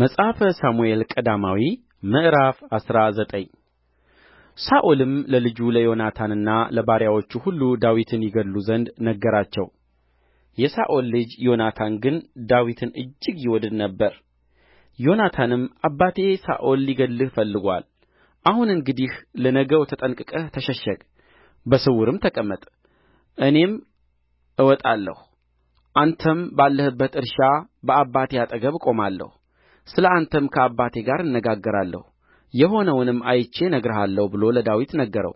መጽሐፈ ሳሙኤል ቀዳማዊ ምዕራፍ አስራ ዘጠኝ ሳኦልም ለልጁ ለዮናታንና ለባሪያዎቹ ሁሉ ዳዊትን ይገድሉ ዘንድ ነገራቸው። የሳኦል ልጅ ዮናታን ግን ዳዊትን እጅግ ይወድድ ነበር። ዮናታንም አባቴ ሳኦል ሊገድልህ ፈልጎአል። አሁን እንግዲህ ለነገው ተጠንቅቀህ ተሸሸግ፣ በስውርም ተቀመጥ። እኔም እወጣለሁ፣ አንተም ባለህበት እርሻ በአባቴ አጠገብ እቆማለሁ ስለ አንተም ከአባቴ ጋር እነጋገራለሁ የሆነውንም አይቼ እነግርሃለሁ ብሎ ለዳዊት ነገረው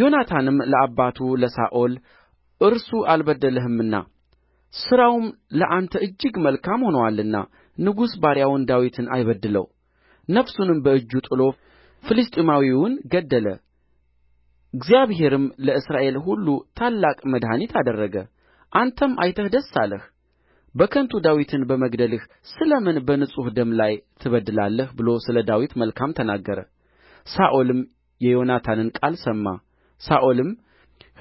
ዮናታንም ለአባቱ ለሳኦል እርሱ አልበደለህምና ሥራውም ለአንተ እጅግ መልካም ሆኖአልና ንጉሥ ባሪያውን ዳዊትን አይበድለው ነፍሱንም በእጁ ጥሎ ፍልስጥኤማዊውን ገደለ እግዚአብሔርም ለእስራኤል ሁሉ ታላቅ መድኃኒት አደረገ አንተም አይተህ ደስ አለህ በከንቱ ዳዊትን በመግደልህ ስለ ምን በንጹሕ ደም ላይ ትበድላለህ ብሎ ስለ ዳዊት መልካም ተናገረ ሳኦልም የዮናታንን ቃል ሰማ ሳኦልም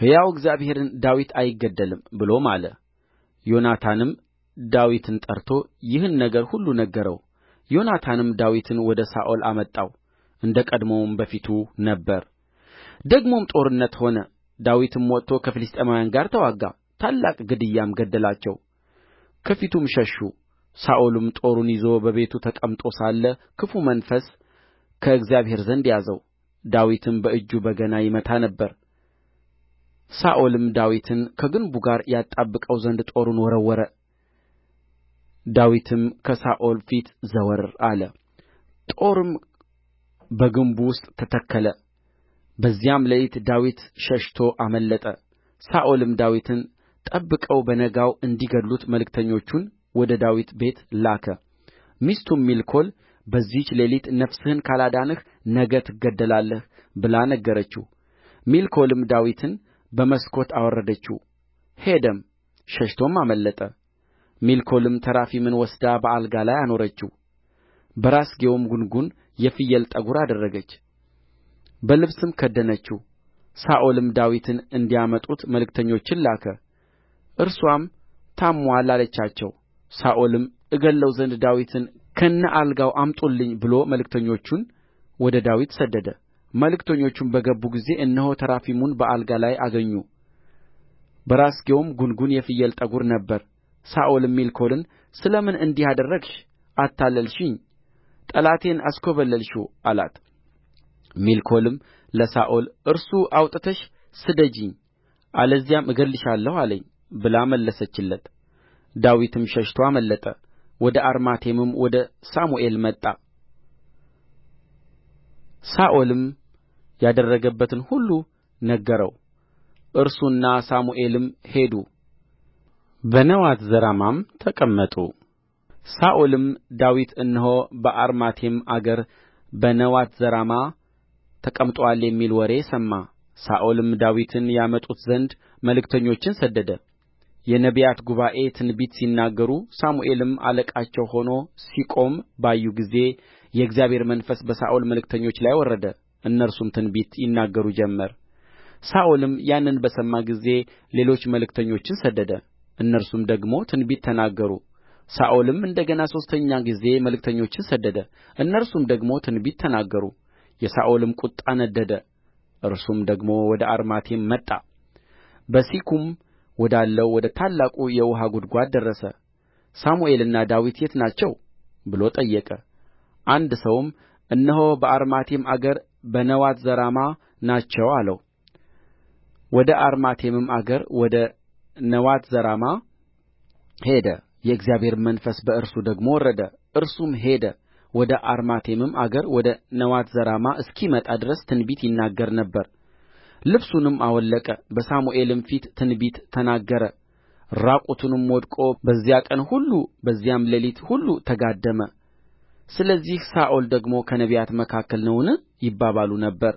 ሕያው እግዚአብሔርን ዳዊት አይገደልም ብሎ ማለ ዮናታንም ዳዊትን ጠርቶ ይህን ነገር ሁሉ ነገረው ዮናታንም ዳዊትን ወደ ሳኦል አመጣው እንደ ቀድሞውም በፊቱ ነበር ደግሞም ጦርነት ሆነ ዳዊትም ወጥቶ ከፍልስጥኤማውያን ጋር ተዋጋ ታላቅ ግድያም ገደላቸው ከፊቱም ሸሹ ሳኦልም ጦሩን ይዞ በቤቱ ተቀምጦ ሳለ ክፉ መንፈስ ከእግዚአብሔር ዘንድ ያዘው ዳዊትም በእጁ በገና ይመታ ነበር ሳኦልም ዳዊትን ከግንቡ ጋር ያጣብቀው ዘንድ ጦሩን ወረወረ ዳዊትም ከሳኦል ፊት ዘወር አለ ጦሩም በግንቡ ውስጥ ተተከለ በዚያም ሌሊት ዳዊት ሸሽቶ አመለጠ ሳኦልም ዳዊትን ጠብቀው በነጋው እንዲገድሉት መልእክተኞቹን ወደ ዳዊት ቤት ላከ ሚስቱም ሜልኮል በዚህች ሌሊት ነፍስህን ካላዳንህ ነገ ትገደላለህ ብላ ነገረችው ሜልኮልም ዳዊትን በመስኮት አወረደችው ሄደም ሸሽቶም አመለጠ ሜልኮልም ተራፊምን ወስዳ በአልጋ ላይ አኖረችው በራስጌውም ጕንጕን የፍየል ጠጉር አደረገች በልብስም ከደነችው ሳኦልም ዳዊትን እንዲያመጡት መልእክተኞችን ላከ እርስዋም ታምሞአል አለቻቸው ሳኦልም እገድለው ዘንድ ዳዊትን ከነ አልጋው አምጡልኝ ብሎ መልእክተኞቹን ወደ ዳዊት ሰደደ መልእክተኞቹም በገቡ ጊዜ እነሆ ተራፊሙን በአልጋ ላይ አገኙ በራስጌውም ጕንጕን የፍየል ጠጕር ነበረ ሳኦልም ሜልኮልን ስለ ምን እንዲህ አደረግሽ አታለልሽኝ ጠላቴን አስኰበለልሽው አላት ሜልኮልም ለሳኦል እርሱ አውጥተሽ ስደጂኝ አለዚያም እገድልሻለሁ አለኝ ብላ መለሰችለት ዳዊትም ሸሽቶ አመለጠ ወደ አርማቴምም ወደ ሳሙኤል መጣ ሳኦልም ያደረገበትን ሁሉ ነገረው እርሱና ሳሙኤልም ሄዱ በነዋት ዘራማም ተቀመጡ ሳኦልም ዳዊት እነሆ በአርማቴም አገር በነዋት ዘራማ ተቀምጦአል የሚል ወሬ ሰማ ሳኦልም ዳዊትን ያመጡት ዘንድ መልእክተኞችን ሰደደ የነቢያት ጉባኤ ትንቢት ሲናገሩ ሳሙኤልም አለቃቸው ሆኖ ሲቆም ባዩ ጊዜ የእግዚአብሔር መንፈስ በሳኦል መልእክተኞች ላይ ወረደ እነርሱም ትንቢት ይናገሩ ጀመር ሳኦልም ያንን በሰማ ጊዜ ሌሎች መልእክተኞችን ሰደደ እነርሱም ደግሞ ትንቢት ተናገሩ ሳኦልም እንደ ገና ሦስተኛ ጊዜ መልእክተኞችን ሰደደ እነርሱም ደግሞ ትንቢት ተናገሩ የሳኦልም ቍጣ ነደደ እርሱም ደግሞ ወደ አርማቴም መጣ በሤኩም ወዳለው ወደ ታላቁ የውኃ ጕድጓድ ደረሰ ሳሙኤልና ዳዊት የት ናቸው ብሎ ጠየቀ አንድ ሰውም እነሆ በአርማቴም አገር በነዋት ዘራማ ናቸው አለው ወደ አርማቴምም አገር ወደ ነዋት ዘራማ ሄደ የእግዚአብሔርም መንፈስ በእርሱ ደግሞ ወረደ እርሱም ሄደ ወደ አርማቴምም አገር ወደ ነዋት ዘራማ እስኪመጣ ድረስ ትንቢት ይናገር ነበር ልብሱንም አወለቀ በሳሙኤልም ፊት ትንቢት ተናገረ ራቁቱንም ወድቆ በዚያ ቀን ሁሉ በዚያም ሌሊት ሁሉ ተጋደመ ስለዚህ ሳኦል ደግሞ ከነቢያት መካከል ነውን ይባባሉ ነበር